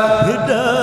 هدى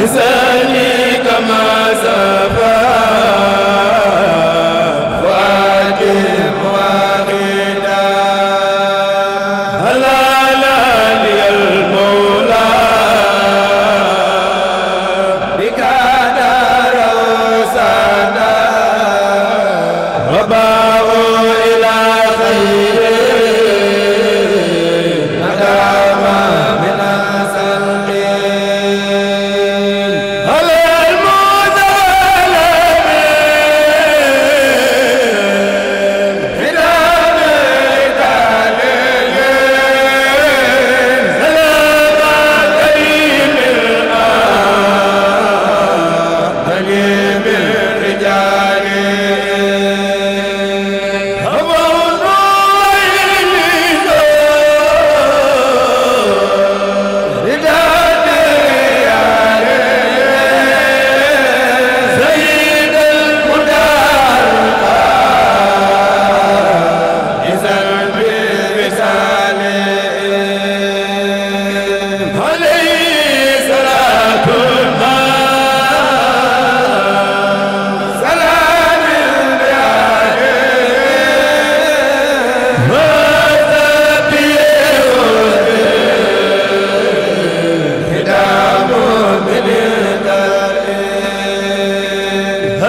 lisaani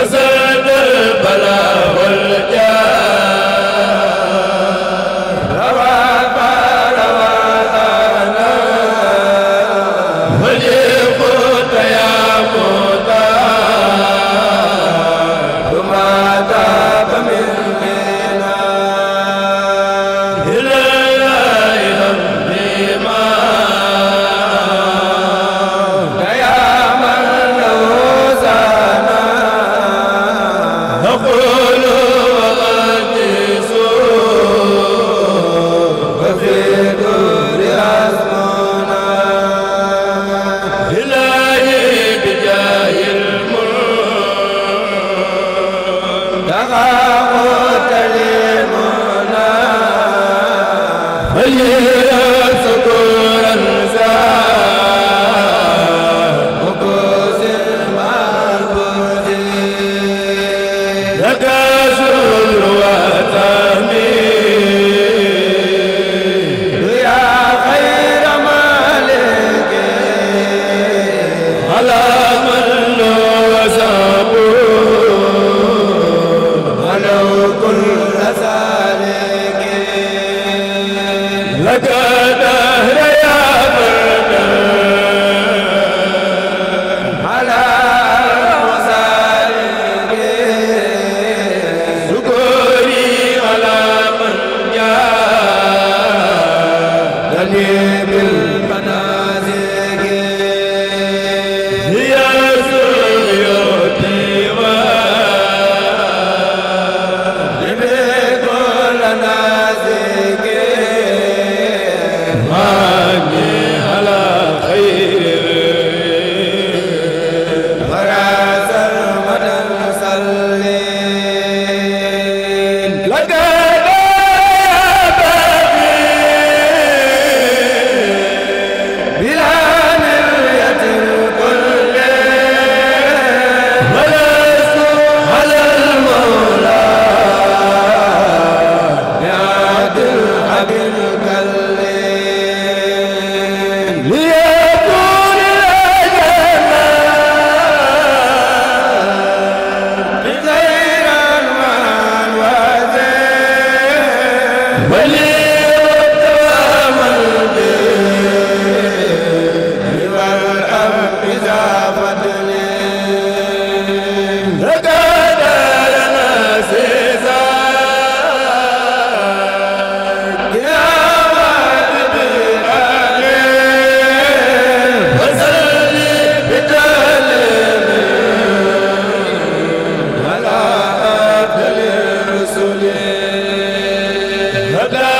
فزاد البلاء والجاه قوت لمنى la